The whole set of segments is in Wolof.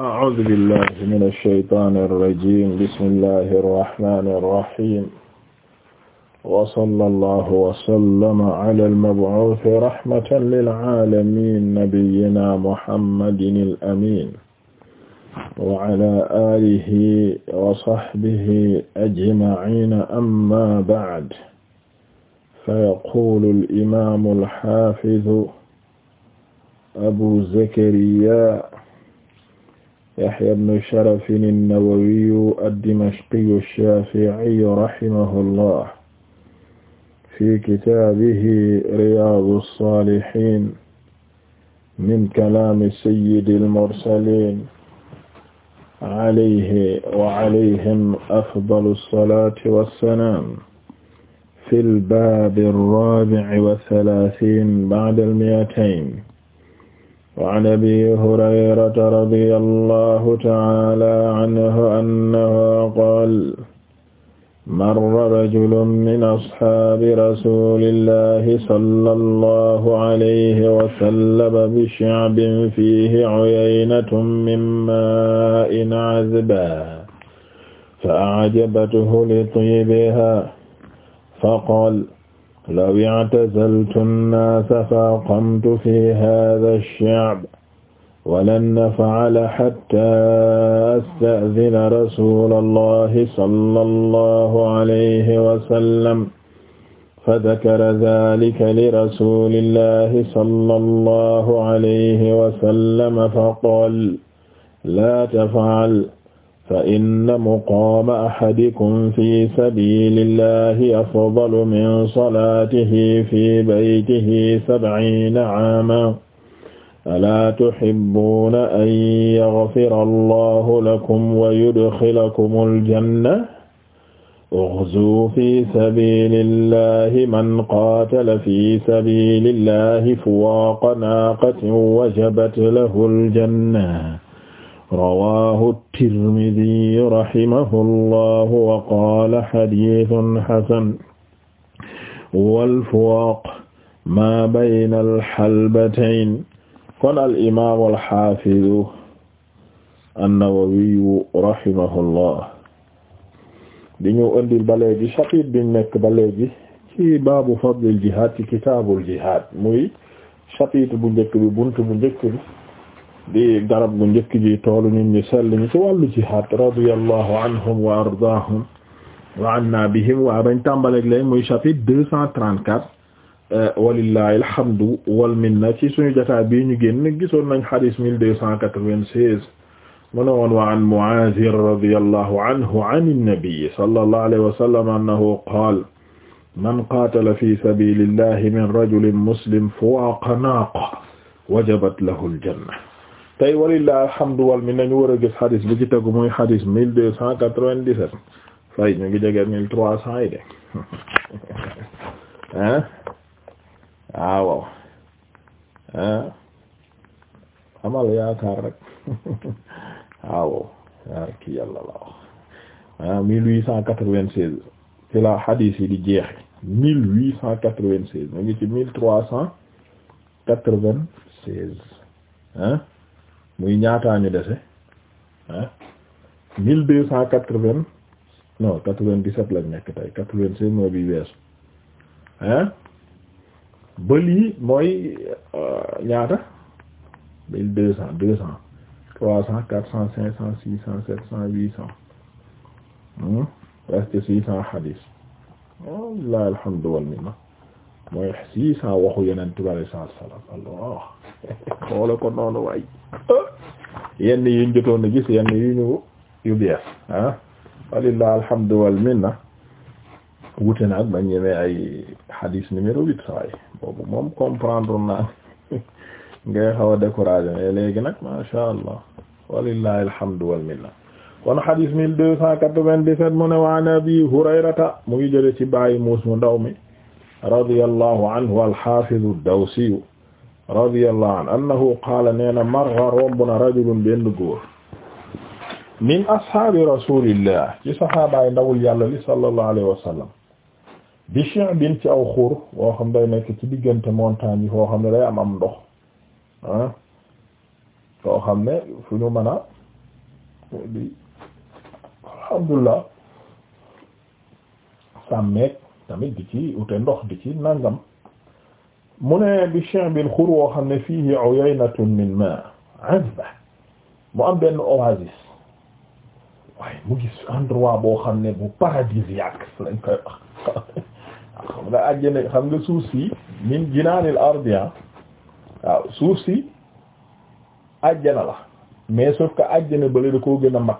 a'uuzu billaahi mina shaytaani rajiim bismillaahi rahmaani rahiim wa sallallaahu wa sallama alal mab'uusi rahmatan lil aalamiin nabiyyinaa muhammadinil amiin wa alaa aalihi wa sahbihi ajma'iina ammaa ba'd fayaquulul imaamul haafizu abu zakariyaa Yahya ibn Sharaf an-Nawawi ad-Dimashqi ash-Shafi'i rahimahullah fi kitaabihi Riyaadu s-Saalihiin min kalaami sayyidi l-mursaliin alayhi wa alayhim afdalu s-salaati was-salaam fil baabi r-raabi'i wa thalaathiin ba'da l-mi'atayn وعن أبي هريرة رضي الله تعالى عنه أنه قال مر رجل من أصحاب رسول الله صلى الله عليه وسلم بشعب فيه عيينة من ماء عذبا فأعجبته لطيبها فقال law i'tazaltu an-naasa faqamtu fi haadha ash-sha'b walan naf'ala hattaa asta'dina rasuulallahi sallallahu alayhi wa sallam fadakara dhaalika lirasuulillahi sallallahu alayhi wa sallam faqaala laa taf'al fa inna muqaama ahadikum fi sabiilillahi afdalu min salaatihi fi baytihi sab'iina aaman alaa tuhibbuuna an yaghfira allahu lakum wa yudxilakumul janna ughzuu fi sabiilillahi man qaatala fi sabiilillahi fuwaqa naaqatin wajabat lahul janna rawaahu tirmidi rahimahullahu wa qaala xadiisun xasan walfuwaaq maa bayna alxalbatayn kon al imaamu alxaafidu annawawiyu rahimahullah di ñu andil ba léegi chapitre bi nekk ba léegi ci baabu fadlil jihaad ci kitaabul jihaad muy chapitre bu njëkk bi buntu bu njëkk bi. di garab gu njëkk ji toolu nit ñi sell ñi ci wàllu jihaad radiyallahu anhum wa ardaahum wa anna bihim waaw dañ tàmbaleeg lay muy chapitre deux cent trente quatre euh, walillahi alhamdu wal minna ci suñu jotaay bii ñu génn gisoon nañ hadith mille deux cent quatre vingt seize mu ne woon wa an Mu'aaz radiyallahu anhu an an-nabi sallallahu alayhi wa sallam annahu qaala man qaatala fi sabiilillahi min rajulin muslim fawqa naaqa wajabat lahu al-janna tey walillahi alhamdu wal minna ñu war a gis xadis bi ci tegu muy xadis mil deux cent quatre-vingt-dix-sept fay ñu ngi jege mille trois cent yi de hein ah waaw hein amal yaakaar rek ah waaw yaar ah, ki yàlla la wax ah mille huit cent quatre-vingt-seize ci la yi di jeexe mille huit cent quatre-vingt-seize ñu ngi ci mille trois cent quatre-vingt-seize hein muy ñaataa ñu dese ah mille deux cent quatre-vingts non quatre-vingt-dix-sept lañ nekk tey quatre-vingt-seize mooy bi weesu ah ba lii mooy euh, ñaata mille deux cent deux cent trois cent quatre cent cinq cent six cent sept cent huit cent presque hmm, six cent hadis wallahi alhamdu wal minna mooy six cent waxu yeneen tibale saa salaam xoola ko noonu waay yenn yu ñu jotoon a gis yenn yu ñu yu bees ah walillah alhamdu wal wute na ba ñemee ay hadis numéro huit sawaay boobu moom comprendre naa ngay xaw a découragé mais léegi nag ma sha allah walillah alhamdu wal kon hadis mille deux cent quatre vingt dix mu ne waan abi hurayrata mu ngi jële ci bàyyi muus mu ndaw mi radiyallahu anhu al-Hafiz ad-Dawsi radiyallahu anhu annahu qaala neena marra romb na rajulun benn góor min ashaabi rasulillah ci saxaabaay ndawul yàlla li sallallahu alayhi wa sallam bi shi'bin ci aw xur woo xam day nekk ci diggante montagne yi foo xam ne day am am ndox ah soo xam ne fu ñu mën a di alhamdulillah sàmmeek tamit ci ndox di ci nangam mu ne woo xam ne fiihi uyaynatun min ma azba mu am benn oasis waaye gis endroit boo xam ne bu paradisiaque lañ koy wax xam nga àjjana xam nga suuf si min jinaanil ardiya ah. waaw suuf si àjjana la mais sauf que àjjana bële da koo gën a mag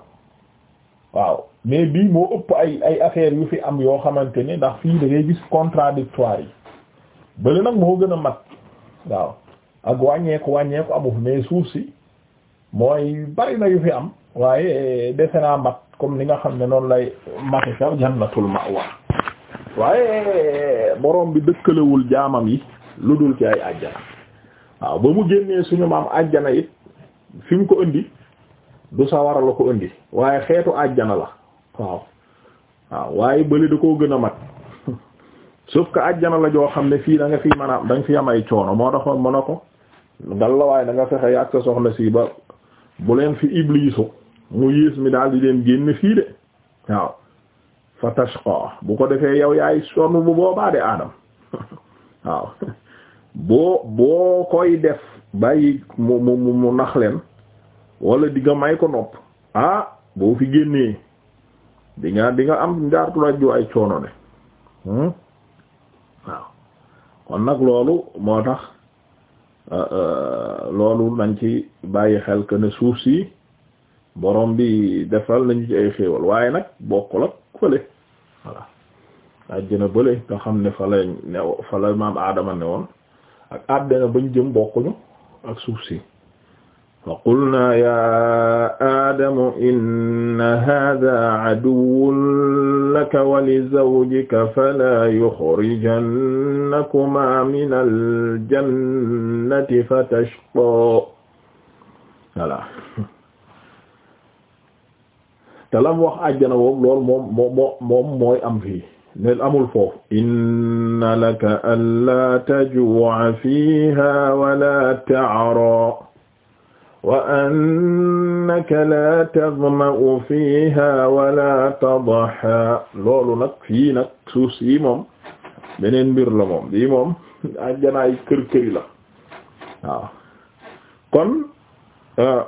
waaw mais bii moo ëpp ay ay affaires yu fi am yoo xamante ne ndax fii dangay ngay gis contradictoire yi bële nag moo gën a mat waaw ak wàññeeku wàññeeku amuf mais suuf si mooy bari na yu fi am waaye defe naa mat comme ni nga xam ne noonu lay mate ca jannatul ma'wa waaye borom bi dëkkalewul jaamam yi lu dul ci ay àjjana waaw ba mu génnee suñu maam àjjana it fi mu ko indi du sawara la ko indi waaye xeetu àjjana la waaw waaw waaye bële da koo gën a mat sauf que ajjana la joo xam ne fii da nga fi mën a fi am ay coono moo tax mën a ko ngal la waaye da nga fexe ak sa soxna si ba bu leen fi ibliisu mu yées mi daal di leen génn fii de waaw fa tashqa bu ko defee yow yaay sonn bu boobaa de aadam waaw boo boo koy def bàyyi mu mu mu nax leen wala di nga may ko nopp ah boo fi génnee di nga di nga am njaartulaj ju ay coono ne hmm? waaw kon nag loolu moo tax euh, euh, loolu nañ ci bàyyi xel que ne suuf si borom bi defal nañu ci ay xéewal waaye nag bokkul ak fële voilà àjjana bële nga xam ne fa la maam aadama ne woon ak àddina bañ jëm bokkuñu ak suuf si faqulnaa yaa aadamu inna haadaa aduwwun laka wa lizawjika falaa yuxrijannakumaa minal jannati fatashqaa voilà te la mu wax àjjana boobu lool moom moom mooy am fii neel amul foofu inna laka allaa tajuu'a fiihaa wa laa ta'raa wa annaka la tadma'u fiha wala tadha loolu nag fii nag suuf si moom beneen mbir la moom bii moom ajjanaay kër këri la waaw kon euh,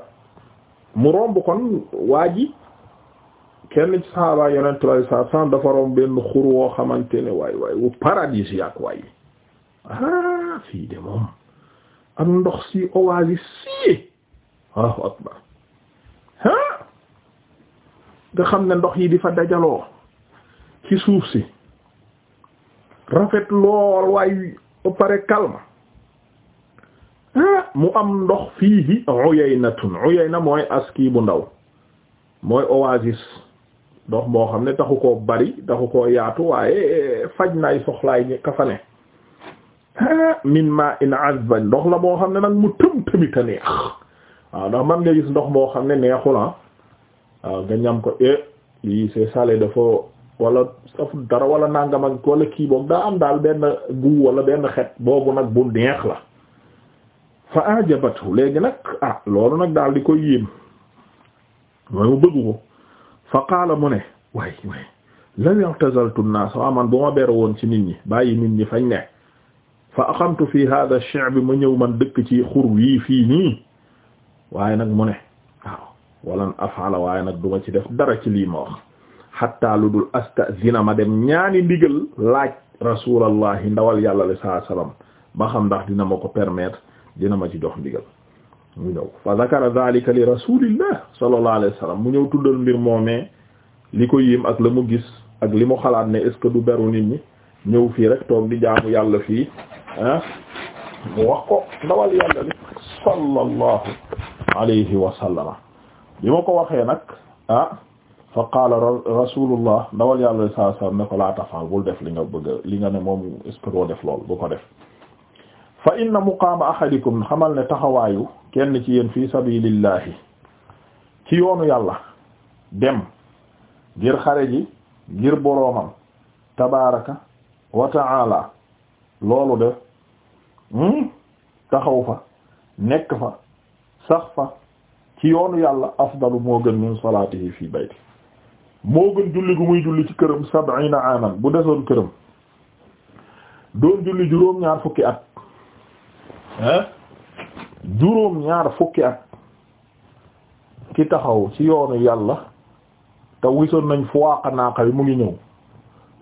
mu romb kon waa ji kenn ci sahaaba yonentu Yàlla sallallahu alayhi wasallam dafa romb benn xur woo xamante ne waay wu paradis yàq waay ah fii de moom am ndox si oasis si Allahu akbar ah nga xam ne ndox yi di fa dajaloo ci suuf si rafet lool waaye pare calme ah mu am ndox fiihi uyaynatun uyayna mooy aski bu ndaw mooy oasis ndox moo xam ne taxu ko bari taxu koo yaatu waaye faj naay soxlaay ñi ka fa ne min ma in azba ndox la moo xam ne nag mu tëm tëmita neex waaw ndax man nga gis ndox moo xam ne neexul ah waaw nga ñam ko e lii c'est salé dafa wala safu dara wala nangam ak kii boobu daa am daal benn gu wala benn xet boobu nag bu neex la fa ajabatu léegi nag ah loolu nag daal di koy yéem mooy mu bëgg fa qaala mu ne waay waay law i'tazaltu an-nas wa ah, man bu ma ber woon ci nit ñi bàyyi nit ñi fañ ne fa aqamtu fi hadha ash-shi'b ma ñëw man dëkk ci xur yii fii nii waaye nag mu ne waaw walan afala waaye nag ma ci def dara ci lii ma wax xatta lu dul astazina ma dem ñaani ndigal laaj rasulallahi ndawal yàlla la saa salaam ba xam ndax dina ma ko permettre dina ma ci jox ndigal mu ñëw fa zakara zalika li rasulillah sallallahu alayhi mu ñëw tuddal mbir moomee li ko yim ak la mu gis ak li mu xalaat ne est-ce que du beru nit ñi ñëw fii rek toog di jaamu yàlla fii ah mu wax ko ndawal yàlla li sallallahu alayhi wa sallama bi ma ko waxee nag ah fa qaala rasulullah ndawal yàlla saa saa ne ko laa tafaal bul def li nga bëgg li nga ne moom est-ce que def lool bu ko def fa inna muqaama ahadikum xamal ne taxawaayu kenn ci yéen fi sabilillahi ci yoonu yàlla dem ngir xare ngir boroomam tabaraka wa ta'ala loolu def hmm, taxaw fa nekk fa sax fa ci yoonu yàlla afdalu moo gën min salaatihi fii bayti moo gën julli gu muy julli ci këram sab'ina aman bu desoon këram doon julli juróom ñaar fukki at ah juróom ñaar fukki at ki taxaw ci yoonu yàlla te wisoon nañ fu waaqa naaqa bi mu ngi ñëw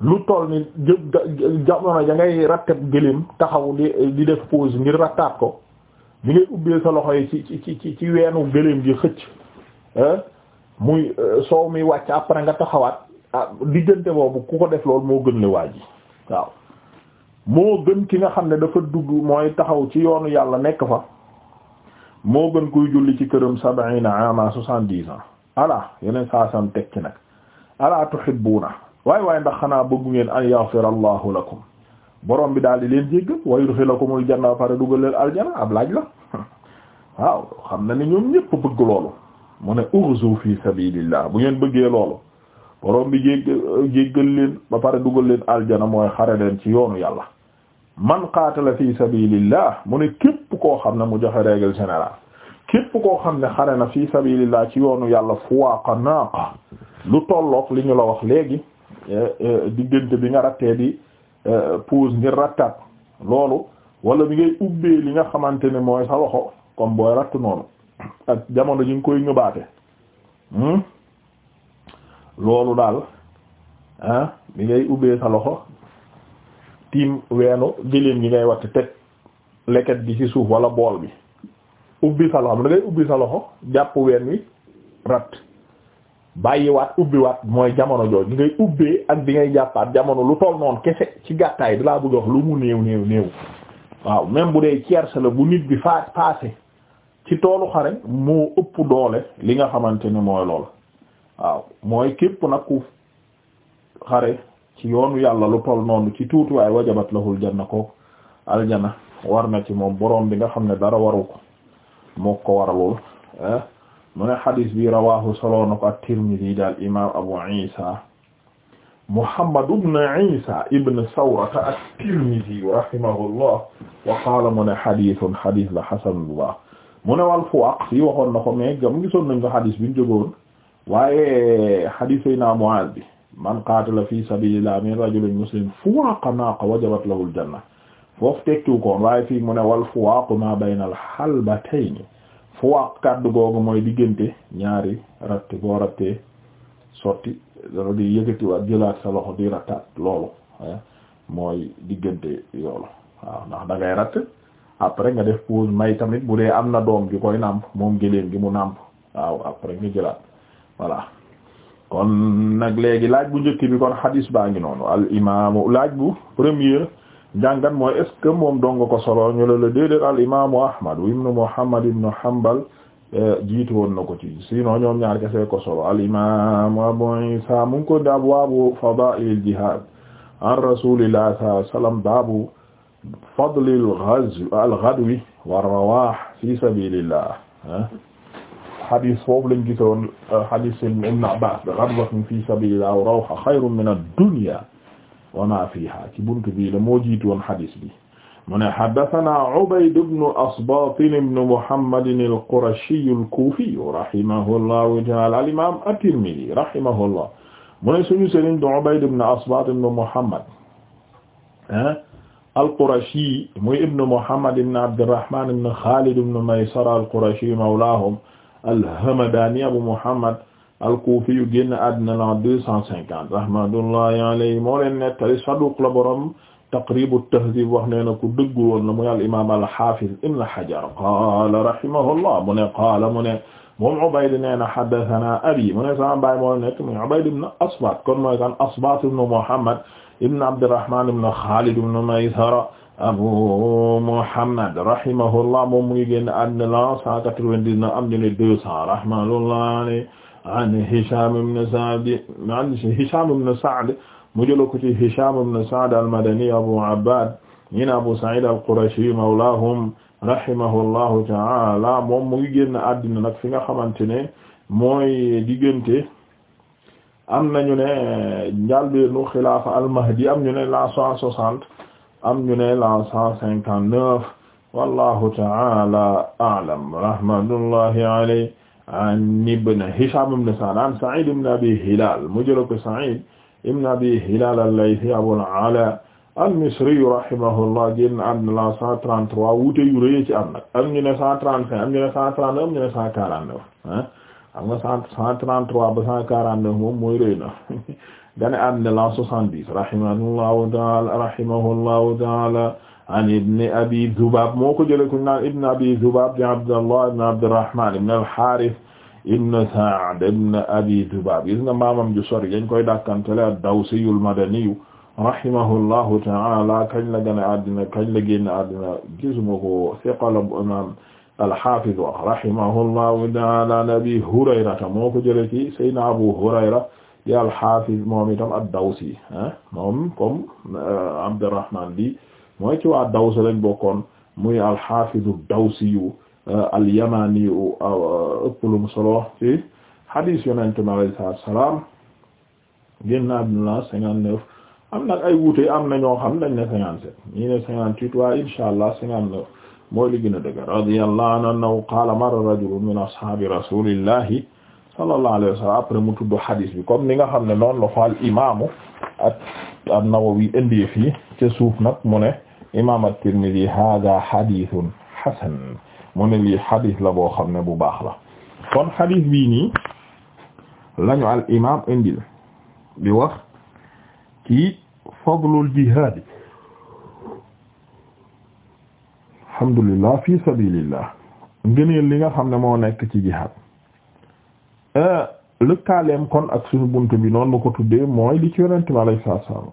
lu toll ni jë jamono ja ngay ratteb gëléem taxaw di di def pause ngir rattaat ko ñu lay ubbee sa loxo yi ci ci ci ci weenu gëléem gi xëcc muy euh, soow mi wàcc après nga taxawaat ah diggante boobu ku ko def lool moo gën le waaj yi waaw moo gën ki nga xam ne dafa dugg mooy taxaw ci yoonu yàlla nekk fa moo gën kuy julli ci këram sab'ina ama soixante-dix ans ala yeneen saa san tekki nag ala tuhibbuuna waay waay ndax xanaa bëggu ngeen an yaghfira allahu lakum borom bi daal di leen jéggal wa yudxilakumul janna pare dugal leen aljana ab laaj la waaw xam na ni ñoom ñëpp bëgg loolu mu ne urzu fi sabilillah bu ngeen bëggee loolu borom bi jég jéggal leen ba pare dugal leen aljana mooy xare leen ci yoonu yàlla man qaatala fi sabilillah mu ne képp koo xam ne mu joxe règle générale képp koo xam ne xare na fi sabilillah ci yoonu yàlla fuwaaqa naaqa lu tolloog li ñu la wax léegi eh, eh, diggante bi nga rattee di Euh, puus ngir rattaat loolu wala bi ngay ubbee li nga xamante ne mooy sa loxo comme booy ratt noonu ak jamono ji nga koy ñëbaate hmm? loolu daal ah bi ngay ubbee sa loxo tiim weenu gëléem gi ngay watt teg leket gi ci suuf wala bool bi ubbi sa loxo da ngay ubbi sa loxo jàpp ween wi ratt bàyyi bàyyiwaat ubbiwaat mooy jamono jooju di ngay ubbee ak bi ngay jàppaat jamono lu toll noonu kese ci gàttaay dalaa bëgg wax lu mu néew néew néew waaw même bu dee tierce la bu nit bi faa passé ci toolu xare moo ëpp doole li nga xamante ni mooy lool waaw mooy képp nag ku xare ci yoonu yàlla lu toll noonu ci tuuti waaye wajabat lahul janna ko aljana war na ci moom boroom bi nga xam ne dara waru ko moo ko waralul eh? mu ne xadis bi rawahu soloo na ko at-Tirmidhi daal imam Abu Isa Muhammad ibn Isa ibn Sawrata at-Tirmidhi rahimahullah wa qaala mu ne xadisun xadis la xasan bu baax mu ne wal fuwaq fii waxoon na ko mais gam gisoon nañ ko xadis bi ñu jógoon waaye xadis ay naa Muaaz bi man qaatala fi sabilillah min rajulin muslim fuwaaqa naaqa wajabat lahu al-janna foofu tekkiwu koon waaye fii mu ne wal fuwaaqu ma bayna al-halbatayni fuwaaq kàddu googu mooy diggante ñaari ratt boo rattee sotti dara di yëkkatiwaat jëlaat sa loxo di rattaat loolu mooy diggante yoolu waaw ndax da ratt après nga def pause may tamit bu dee am na doom gi koy nàmp moom gëléem gi mu nàmp waaw après nga jëlaat voilà kon nag léegi laaj bu njëkk bi kon hadis baa ngi noonu al imaamu laaj bu premier jàngat mooy est ce que moom dong ko solo ñu la la déedéet al imaamu Ahmad ibnu Muhammad ibnu Hanbal eh, jiitu woon na ko ci sinon ñoom ñaar kese ko solo al imam Abu Isa mu ngi ko abwaabu fadaa'ilil jihaad an rasuulillah sallallahu alayhi wa sallam baabu al ghadwi war rawaah fi sabiilillah eh? hadis foofu lañ gisoon eh, hadis ibn Abbaas ghadwatun fi sabiilillah wa rawha xayrun mina dunya wa ma fiha ci buntu bii la moo jiitu woon hadis bi mu ne haddathana Ubayd ibn Asbat ibn Muhammad al-Qurashi al-Kufi rahimahullahu ta'ala al-imam at-Tirmidhi rahimahullah mu ne suñu sëriñ di Ubayd ibn Asbat ibn Muhammad ah, al-Qurashi muy ibn Muhammad ibn Abdurrahman ibn Khalid ibn Maysara al-Qurashi mawlahum al-Hamadani Abu Muhammad al-Kufi yu génn àddina la 250 rahmatullahi alayhi moo leen nettali saduq la borom Taqrib at-Tahdhib wax na ku dëggu woon la muy a imam al-Hafiz Ibn Hajar qala rahimahullah mu ne qaala mu ne moom Ubayd a na haddathana abi mu ne sama baay moo nekk muy Ubayd ibn Asbat kon mooy kan Asbat ibn Muhammad ibn Abdurrahman ibn Khalid ibn Maysara Abu Muhammad rahimahullah moom mu ngi génn àddina la 199 am na 200 rahmatullahi alayhi an Hisham ibn Sa'd an Hisham ibn Sa'd mu jëloon ko ci Hisham ibn Sa'd al-Madani Abu Abbad ñi na Abu Sa'id al-Qurashi mawlahum rahimahullahu ta'ala moom mu ngi génn àddina nag fi nga xamante ne mooy diggante am nañu ne njàlbeenu xilaafa al-Mahdi am ñu ne la cent soixante am ñu ne la cent cinquante neuf wallahu ta'ala a'lam rahmatullahi alayhi an ibn Hisham ibn Sa'd an Sa'id ibn Abi Hilal mu jëloon ko Sa'id ibn Abi Hilal al-Laythi Abul Ala al-Misri rahimahullah génn àdduna la 133 wuute yu rëy ci am nag am ñu ne 135 am ñu ne 139 am ñu ne 149 ah am nga 133 ba 149 moom mooy rëy na génn àdduna la 70 rahimahullahu ta'ala rahimahullahu an ibni abi Dhubaab moo ko jëlee ku ñu naan ibni abi Dhubaab di Abdallah ibn Abdurrahman ibn al-Harith ibn Sa'd ibn abi Dhubaab gis nga maamam ju sori dañ koy dàkkantele ad-Dawsi al-Madani rahimahullahu ta'ala kañ la gën a addina kañ la génn addina gisuma ko siqala imam al-Hafiz rahimahullahu ta'ala an abi Hurayrata moo ko jëlee ci Sayyidina Abu Hurayra di al-Hafiz moom itam ad-Dawsi ah, moom comme euh, Abdurrahman bi mooy ci waa Daws lañ bokkoon muy al-Hafidu Dawsi yu euh, al-Yamani yu euh, ëpp lu mu solo ci hadis Yonent mi alayhi salaam génnaa bi la cinquante neuf am nag ay wuute am na ñoo xam dañ ne cinquante sept ñii ne cinquante huit waaye insha allah cinquante neuf mooy li gën a dëgg radiyallahu anhu qaala marra rajulun min ashaabi rasulillahi sallallahu alayhi wa sallam après mu tudd bi comme ni nga xam ne noonu la ko al imaamu ak an-Nawawi indi fii ca suuf nag mu imam at-Tirmidhi hada hadithun hasan mu ne lii hadith la boo xam ne bu baax la kon hadith bii nii lañu al imam indil di wax ci fadlul jihad alhamdulillah fi sabilillah ngëneel li nga xam ne moo nekk ci jihad euh, lëkkaaleem kon ak suñu bunt bi noonu ma ko tuddee mooy li ci yonente bi alayhi salaam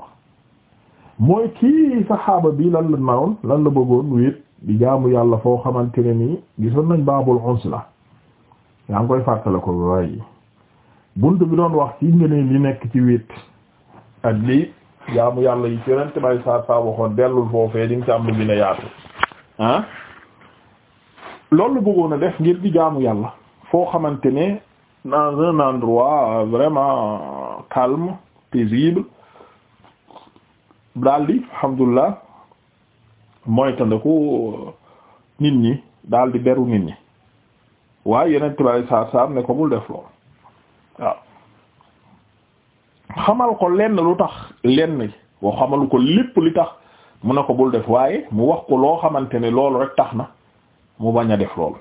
mooy kii saxaaba bi lan la naroon lan la bëggoon wéet di jaamu yàlla foo xamante ne nii gisoon nañ baabul la yaa ngi koy fàttale ko waaye bunt bi doon wax ci ngëneel li nekk ci wéet ak lii jaamu yàlla yi ci yonent bay saa saa waxoon dellul foofee di nga ci am lu gën a yaatu ah loolu la def ngir di jaamu yàlla foo xamante ne dans un endroit vraiment calme paisible daal di alhamdulilah mooy tandaku uh, nit ñi daal di beru nit ñi waaye yeneen tubaab yi saa ne ko bul def lool xamal ko lenn lu tax lenn wa xamalu ko lépp li tax mu ne ko bul def waaye mu wax ko loo xamante ne loolu rek tax na mu bañ def loolu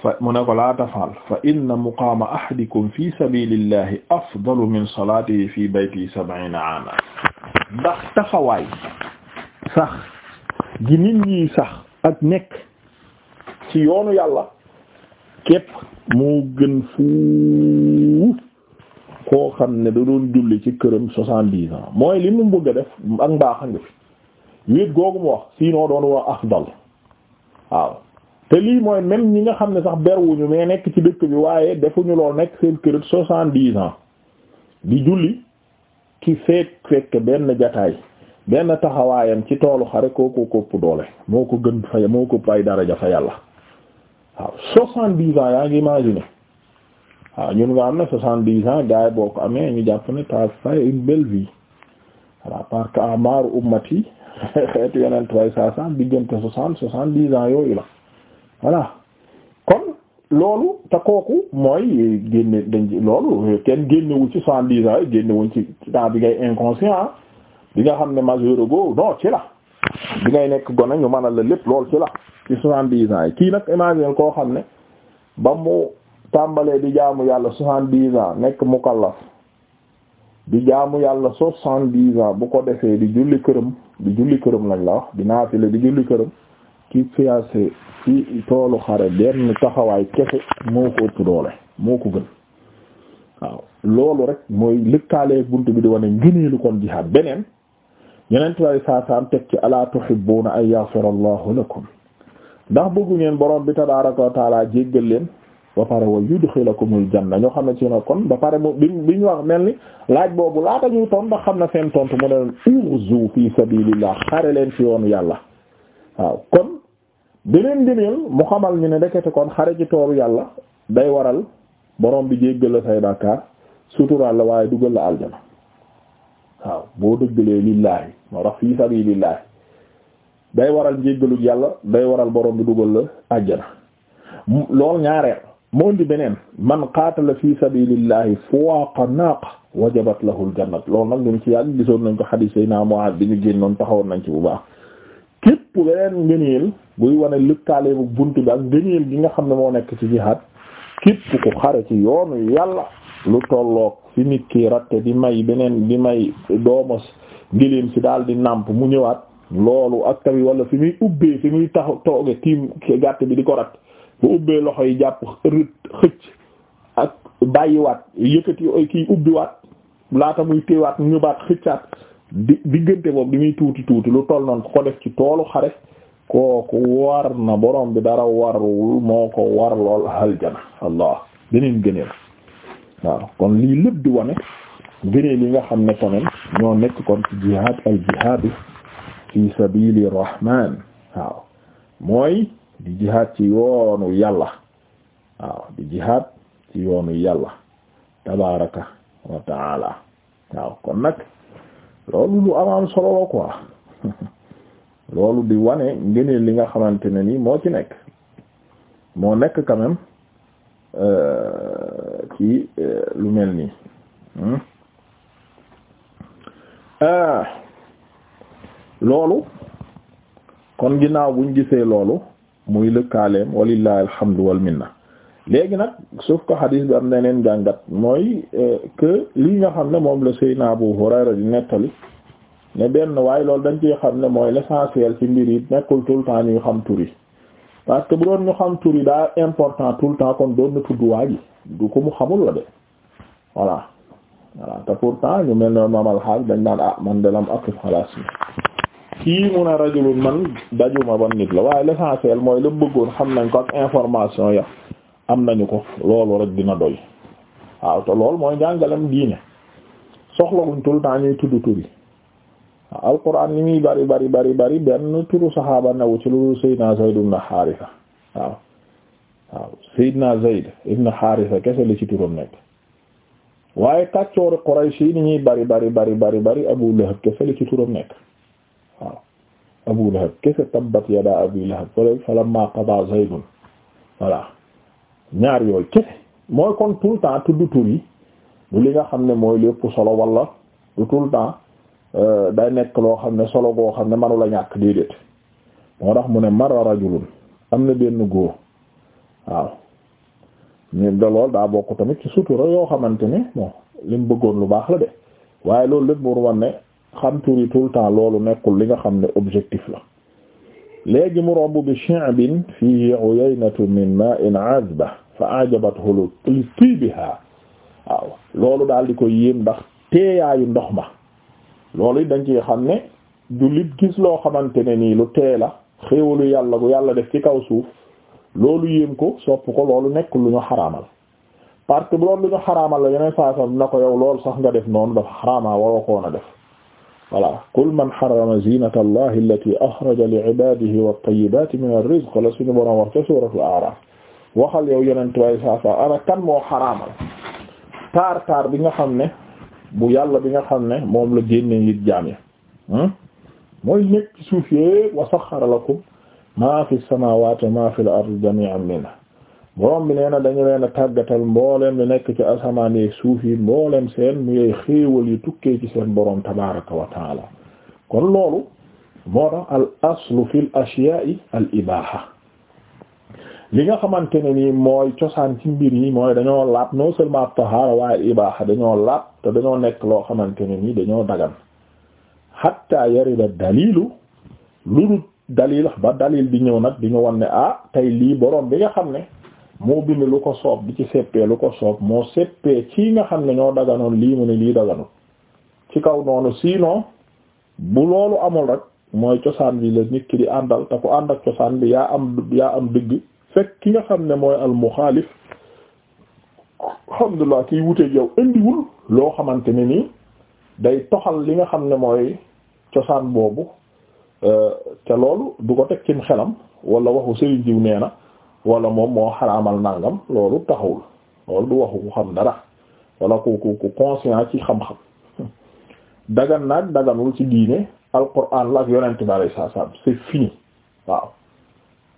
fa mu ne ko laa tafaal fa inna muqaama ahadikum fi sabilillahi afdalu min salaatihi fi baytihi sab'iina aaman ndax taxawaay sax gi nit ñi sax ak nekk ci yoonu yàlla képp moo gën fuuf koo xam ne da doon julli ci këram soixante-dix ans mooy li mu bëgg a def ak mbaax a ngi fi wéet googu mu wax sinon doon wax afdal waaw te lii mooy même ñi nga xam ne sax berwuñu mais nekk ci dëkk bi waaye defuñu lool nekk seen kër soixante-dix ans di julli ki fekk fekk benn jataay benn taxawaayam ci toolu xare ko kopp doole moo ko gën fa moo ko ay daraja fa yàlla waaw soixante-dix ans yaa ngi imaginer waaw ñun nga am na soixante-dix ans gars boo ko amee ñu jàpp ne ta fa une belle vie voilà parce que amaaru ummati xeetu yeneen trois cent diggante soixante soixante-dix ans yooyu la voilà loolu te kooku mooy génne dañ loolu kenn génnewu ci soixante-dix ans génnewuñ ci temps bi ngay inconscient ah. bi nga xam ne majeur go non ci la bi ngay nekk gone ñu mën a la lépp lool ci la ci soixante-dix ans yi kii nag imagine koo xam ne ba mu tàmbalee di jaamu yàlla soixante-dix ans nekk mukallaf di jaamu yàlla soixante-dix ans bu ko defee di julli këram di julli këram lañ la wax di naafile di julli këram ki fiancé ci toolu xare benn taxawaay kese moo ko ëpp doole moo ko gën waaw loolu rek mooy lëkkaalee bunt bi di wane ngëneelu kon jihaad beneen yeneen tubaab yi saa saam teg ci alaa tuhibbuuna an yaghfira Allahu ndax bëggu ngeen borom bi tabaaraka wa taala jéggal leen ba pare wa yudxilakumul na ñoo xam ne ci na kon ba pare bi bi ñu wax mel ni laaj boobu laata ñuy tontu ndax xam na seen tontu mu ne leen urzu fi sabilillah xare leen fi yoonu yàlla waaw beneen gëneel mu xamal ñu ne ndekete kon xare ci tooru yàlla day waral borom bi jéggal la say bàkkaar suturaal la waaye dugal la aljana waaw boo dëggalee lillaahi moo tax fii sabilillahi day waral njéggalu yàlla day waral borom bi dugal la aljana lool ñaareel moo indi beneen man qaatala fi sabilillahi fuwaaqa naaq wajabat lahu aljannat loolu nag ñu ci yàgg gisoon nañ ko xadiis yi naa moo bi ñu génnoon taxawoon nañ ci bu baax képp leneen ngëneel buy wane lëkkaale bu bunt bi ak ngëneel gi nga xam ne moo nekk ci jihaad képp ku xare ci yoonu yàlla lu tolloog fi nit ki ratte di may beneen di may doomos giléem ci daal di nàmp mu ñëwaat loolu ak tamit wala fi muy ubbee fi muy tax tooge tiim gàtt bi di ko rat bu ubbee loxo yi jàpp rët xëcc ak bàyyiwaat yëkkati kii ubbiwaat laata muy téewaat ñëbaat xëccaat di diggante boobu di muy tuuti tuuti lu toll noonu ku ko def ci toolu xare kooku war na borom bi dara warul moo ko war lool aljana allah beneen gëneel waaw kon lii lépp di wane gëneel yi nga xam ne konen ñoo nekk kon ci jihaad al jihaad fi sabili mooy di ci yàlla waaw di jihaad yàlla waaw kon nag loolu lu amaam solo la loolu di wane ngëneel li nga xamante ne nii moo ci nekk moo nekk quand même euh, ci euh, lu mel nii hmm? ah. loolu kon ginnaaw buñ gisee loolu muy lëkkaaleem walillahi alhamdu wal minna léegi nag sauf que xadiis bi am na yeneen jàngat mooy euh, que lii nga xam ne moom la Seydina Abu Hurayra di nettali ne benn waaye loolu dañ ciy xam ne mooy l'essentiel ci mbir yi nekkul tout le temps ñuy xam tur yi parce que bu doon ñu xam tur yi daa important tout le temps kon doon na tudd du ko mu xamul la voilà voilà te pourtant ñu mel noonu mamal dañ naan ah man de lam akif xalaas mi kii mun a rajulun man dajuma ban nit la waaye l'essentiel mooy la bëggoon xam nañ ko ak information ya am nañu ko lool rek doy waaw te loolu mooy njàngalem diine soxlawuñ tout le temps ñuy tudd turi waaw alquran ni muy bari bari bari bari benn turu saxaaba ci lu Seydina Zayd ibn Haarisa waaw waaw Seydina Zayd ibn Haarisa kese la ci turam nekk waaye kàccoori Quraysh bari bari bari bari bari Abu Lahab kese la ci turam nekk waaw Abu Lahab kese tabbat yadaa Abi Lahab falammaa qadaa Zaydun voilà ñaar yooyu kese mooy kon tout le temps tudd tur yi du li nga xam ne mooy lépp solo wala du tout le temps euh, day nekk loo xam ne solo goo xam ne manu la ñàkk déedéet moo tax mu ne mara rajulun am na benn góor waaw ñu da lool daa bokk tamit ci sutura yoo xamante ne bon li mu bëggoon lu baax la de waaye loolu lépp mu war ne xam tur yi tout temps loolu nekkul li nga xam ne objectif la léegi mu romb bi shi'bin fiihi uyaynatu min ma'in azba fa ajabathu li tibiha waaw loolu daal di ko yéem ndax teeyaayu ndox ma loolu it dañ ci xam ne du lit gis loo xamante ne nii lu tee la xéewalu yàlla gu yàlla def ci kaw suuf loolu yéem ko sopp ko loolu nekk lu ñu xaraamal parce que bu loolu lu ñu xaraamal la yeneen saa sax na ko yow lool sax nga def noonu dafa xaraamaa waroo koon a def voilà qul man harrama zinata allahi allati axraja li ibadihi wat-tayyibati min ar-rizq la suñu boroom wax ca suuratul A'raaf waxal yow yonent way saa sa ana kan moo xaraamal taar taar bi nga xam ne bu yàlla bi nga xam ne moom la génne ngir jaam yi hmm? mooy nekk ci suuf yépp wa saxxara lakum ma fi samawati ma fi al-ardi jami'an minhu borom bi nee na dañu leen a tàggatal mbooleem lu nekk ci asamaan yeeg suuf yi mbooleem seen muy xéewal yi tukkee ci seen boroom tabaraka wa kon loolu moo tax al aslu fil ashyaa'i al ibaaha li nga xamante ne nii mooy cosaan ci mbir yi mooy dañoo laab non seulement tahaara waaye al ibaaha dañoo laab te dañoo nekk loo xamante ne nii dañoo dagan hatta yarida dalilu lu dul dalil ba dalil di ñëw nag di ñu wan ne ah tey lii borom bi nga xam ne moo bind lu ko soob di ci seppee lu ko soob moo seppee ci nga xam ne ñoo daganoon lii mu ne lii daganoon ci kaw noonu sinon bu loolu amul rek mooy cosaan bi la nit ki di àndal te ku ànd ak cosaan bi yaa am yaa am dëgg fekk ki nga xam ne mooy al muxaalif alhamdulilah kiy wuteeg yow indiwul loo xamante ne nii day toxal li nga xam ne mooy cosaan boobu euh, te loolu du ko teg cim xelam wala waxu sëriñ diw nee na wala moom moo xaraamal nangam loolu taxawul loolu du waxu ku xam dara wala ku ku ku conscient ci xam-xam dagan naag daganul ci diine alquran la ak yonent bi alayhi salaam c'est fini waaw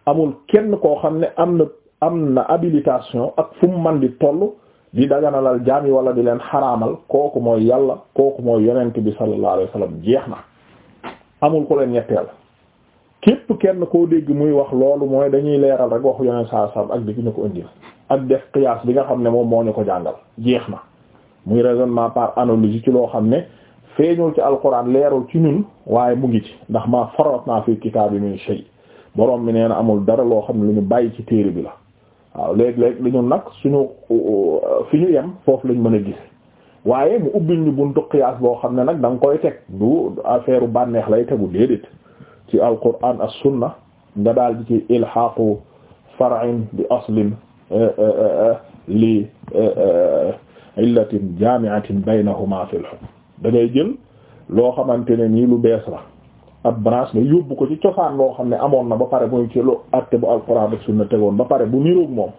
amul kenn koo xam ne am na am na habilitation ak fu mu man di toll di daganalal jaam yi wala di leen xaraamal kooku mooy yàlla kooku mooy yonent bi sallallahu alayhi wasallam jeex na amul ku leen ñetteel képp kenn koo dégg muy wax loolu mooy dañuy leeral rek waxu yoneen saa ak di ñu ko indil ak def qiyaas bi nga xam ne moom moo ñu ko jàngal jeex na muy raisonnement par analogie ci loo xam ne feeñul ci alquran leerul ci ñun waaye mu ngi ci ndax maa faratna fi kitaab yi min shay borom mi nee na amul dara xam ne lu ñu bàyyi ci téere bi la waaw li nag suñu fi foofu lañ mën a gis waaye mu ubbil ñu buntu qiyaas boo xam ne nag da koy teg du affaire bànneex lay tegu déedéet ci alquran as sunna nga daal di ci ilhaqu far'in bi aslin eh, eh, eh, li illatin jami'atin baynahuma fil hukm da ngay jël loo xamante ne nii lu bees la ab branche ne yóbbu ko ci cosaan loo xam ne amoon na ba pare muy ci lu atte bu alquran ak sunna tegoon ba pare bu niroog moom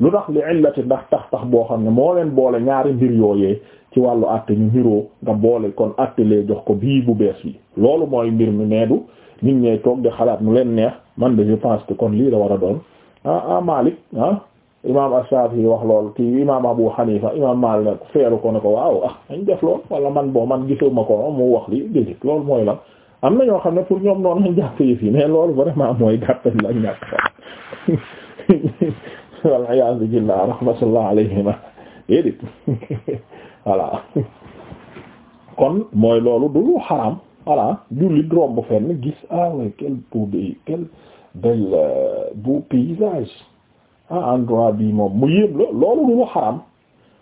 lu tax li illati ndax tax tax boo xam ne moo leen boole ñaari mbir yooyee ci wàllu atte ñu niroo nga boole kon atte jox ko bii bu bees yi loolu mooy mbir mi needu nit ñay toog di xalaat mu leen neex man de je pense kon lii la war a doon ah ah Malik ah imam wax loolu ki imam Abu Hanifa imam Malik feeru ko ne ko waaw ah dañ def lool wala man boo man gisuma ko mu wax li déedéet loolu mooy la am na ñoo xam ne pour ñoom noonu lañ jàpp yëf yi mais loolu vraiment mooy gàttal la ñàkk fa waliyasu billah rahmatullah alayhima déedéet voilà kon mooy loolu du lu xaram voilà jullit romb fenn gis ah ouais quel beau pays quel bel euh, beau paysage ah endroit bi moom mu yéem la loolu du lu xaram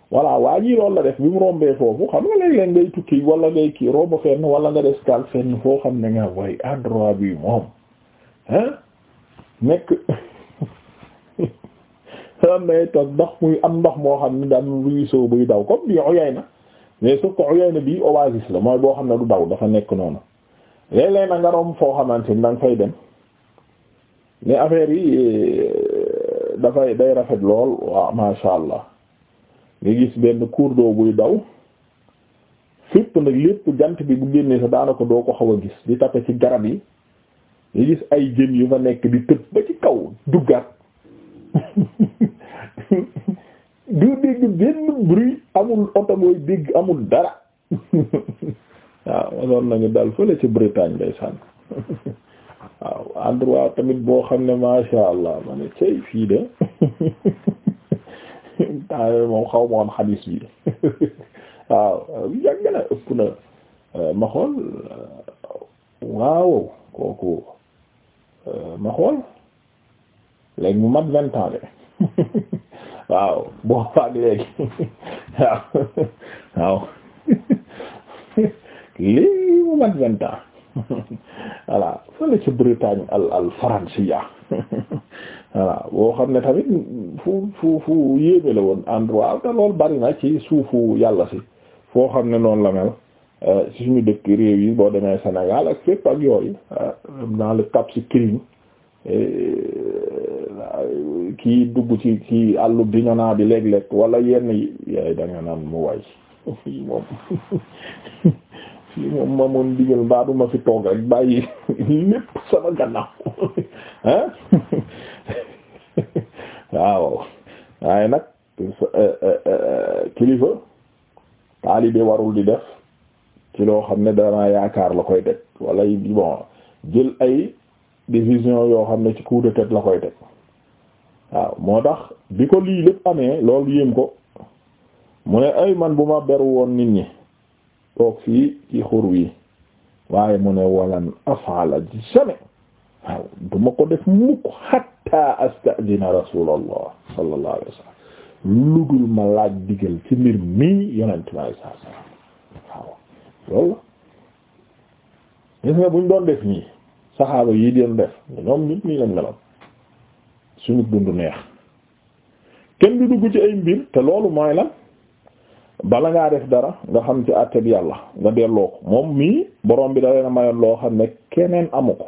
voilà waa ji loolu la def bi mu rombee foofu xam nga léeg-léeg ngay tukki wala ngay kii romb fenn wala nga des kàll fenn foo xam ne nga way endroit bi moom hein nekk xam ne toog ndox muy am ndox moo xam ne daal ruisseau buy daw comme bi Uyayna. mais su ko Uyayna la mooy boo xam ne du daw dafa nekk noonu léeg-léeg na nga rom foo xamante ni da fay dem mais affaire yi euh, dafay day rafet lool waaw masha Allah nga gis benn cours d'eau buy daw fépp nag lépp jant bi bu génnee sa daanaka doo ko xaw a gis di tape ci garab yi nga gis ay jën yu fa nekk di tëb ba ci kaw duggaat doo dégg benn bruit amul oto booy dégg amul dara waaw wasoon nañu daal fële ci Bretagne day sànn waaw endroit tamit boo xam ne masha Allah ma ne fii de temps moom xaw ma woon xadiis bi waaw yàgg na ëpp na euh, ma xool euh, waaw kooku euh, ma xool léegi mu mat vingt ans de waaw boo faag léegi waaw waaw lii mu mat vingt ans voilà fële ca al al Francia voilà boo xam ne tamit fu fu fu yéeme la woon endroit te loolu na ci suufu yàlla si foo xam ne noonu la mel ci euh, suñu dëkk réew yi boo demee senegal ak fépp ak yooyu euh, dans le Cap Skirring kii dugg ci ci àllu biñonaa bi léeg-léeg wala yenn yi yaay da naan mu way fii moom fii moom ma moon digal mbaa duma fi toog rek bàyyi lépp sama gannaaw ah waaw waaye nag eh, eh, eh, kilifa taalibe warul di def ci loo xam ne dana yaakaar la koy teg wala bon jël ay décision yoo xam ne ci coup de tête la koy teg waaw moo tax bi ko lii lépp amee lool yéem ko mu ne ay man bu ma beru woon nit ñi toog fii ci xur yi waaye mu ne walan afala jamais waaw duma ko def mukk hatta astadina rasulallah sallallahu alayhi ma laaj digal ci mbir mii yonent mi alayhi salaatu waaw loolu gis nga buñ doon def nii saxaaba yi doon def ñoom nit ñi lañ meloon suñu dund neex kenn du dugg ci ay mbir te loolu mooy la bala ngaa def dara nga xam ci àtte bi yàlla nga delloo ko moom mii borom bi da leen mayoon loo xam ne keneen amu ko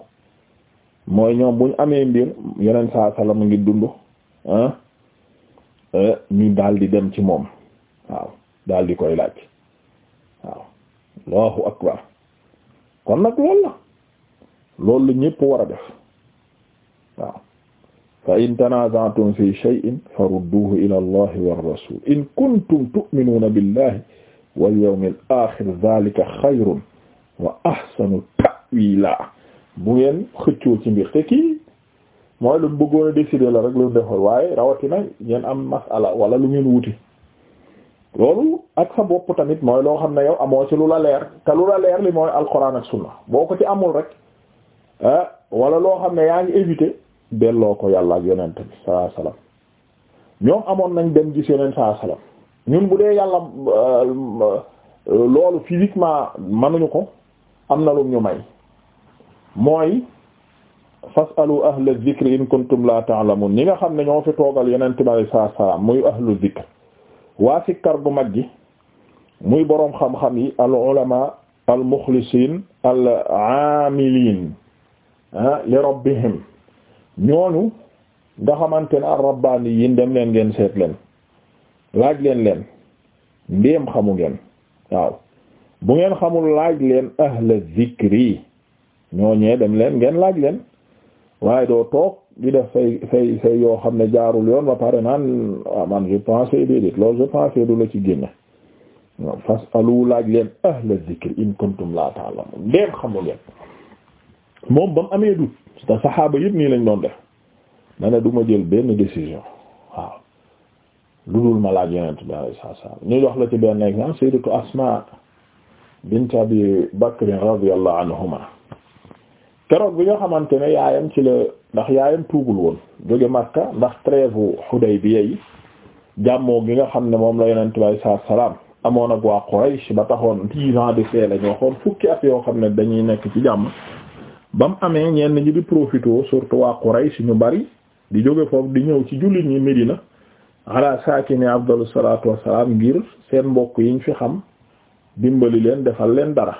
mooy ñoom bu ñu amee mbir yeneen saa salaam ngi dund ah eh, ñu daal di dem ci moom waaw daal di koy laaj waaw allahu akbar kon nag loolu la loolu ñépp war a def waaw. fa in tanaza'tum fi shay'in farudduhu ila allahi war rasul in kuntum tu'minuna billahi wal yawmil akhir dhalika khayrun wa ahsanu ta'wila bu ngeen xëccoo ci mbir te kii mooy lu bëggoon a décider la rek lu defoon waaye rawatina ngeen am masala wala lu ngeen wuti loolu ak sa bopp tamit mooy loo xam ne yow amoo ci lu la leer te lu la leer li mooy alquran ak sunna boo ko ci amul rek ah wala loo xam ne yaa ngi éviter delloo ko yàlla ak yonent bi sallallahu alayhi ñoom amoon nañ dem gis yonent sallallahu alayhi wasallam ñun bu dee yàlla euh, loolu physiquement mënuñu ko am na lu ñu may mooy fasalu ahla dhikri in kuntum la ta'lamun ñi nga xam ne ñoo fi toogal yeneen bi alayhi salaam muy ahlu dhikr waa sikkar bu mag gi muy boroom xam-xam yi al ulama al aamiliin ah, li rabbihim ñooñu nga xamante ne rabbaani yi dem leen ngeen seet leen laaj leen leen ndéem xamu ngeen waaw bu ngeen xamul laaj leen ahla zikri ñooñee dem leen ngeen laaj leen waaye doo toog di def say say yoo xam ne jaarul yoon ba pare naan waaw ah, man je pensais déedéet loolu je pensais du la ci génne fasalu laaj leen ahla zikri in kuntum la ta'lamun ndéem xamu ngeen moom ba amee dut te saxaaba yëpp nii lañ doon def ma ne du ma jël benn décision waaw lu dul ma laaj yonent bi alayhi salaam ñu jox la ci benn exemple sayyidatu Asma bint Abi Bakr radiyallahu anhuma keroog bi nga xamante ne yaayam ci la ndax yaayam tuubul woon jóge Makka ndax trêve Hudaybiya yi jàmmoo gi nga xam ne moom la yonent bi alayhi salaam amoon ak waa Quraysh ba taxoon dix ans de fee la waxoon fukki at yoo xam ne dañuy nekk ci jàmm ba mu amee ñenn ñi di profitoo surtout waa Quraysh ñu bari di jóge foofu di ñëw ci jullit ñi Medina ala saakini afdalu salaatu wassalaam ngir seen mbokk yiñ fi xam dimbali leen defal leen dara